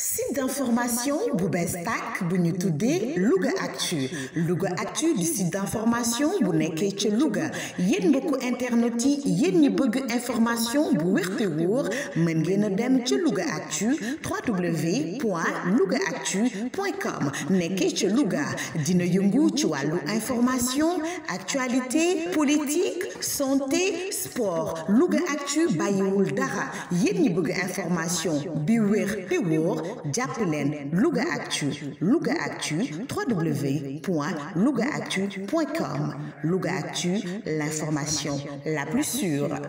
si site d'information Boubestak bees bu Louga Actu Louga Actu di site d'information bu Louga yéen beaucoup internet information bu wér te ngeen Actu www.lougaactu.com nekkee ca Louga dina yungu ci information actualité politique santé sport Louga Actu bàyyiwul dara yéen ñi information bi jàpp Louga Actu Louga Actu www.lougaactu.com Louga Actu l'information la plus sûre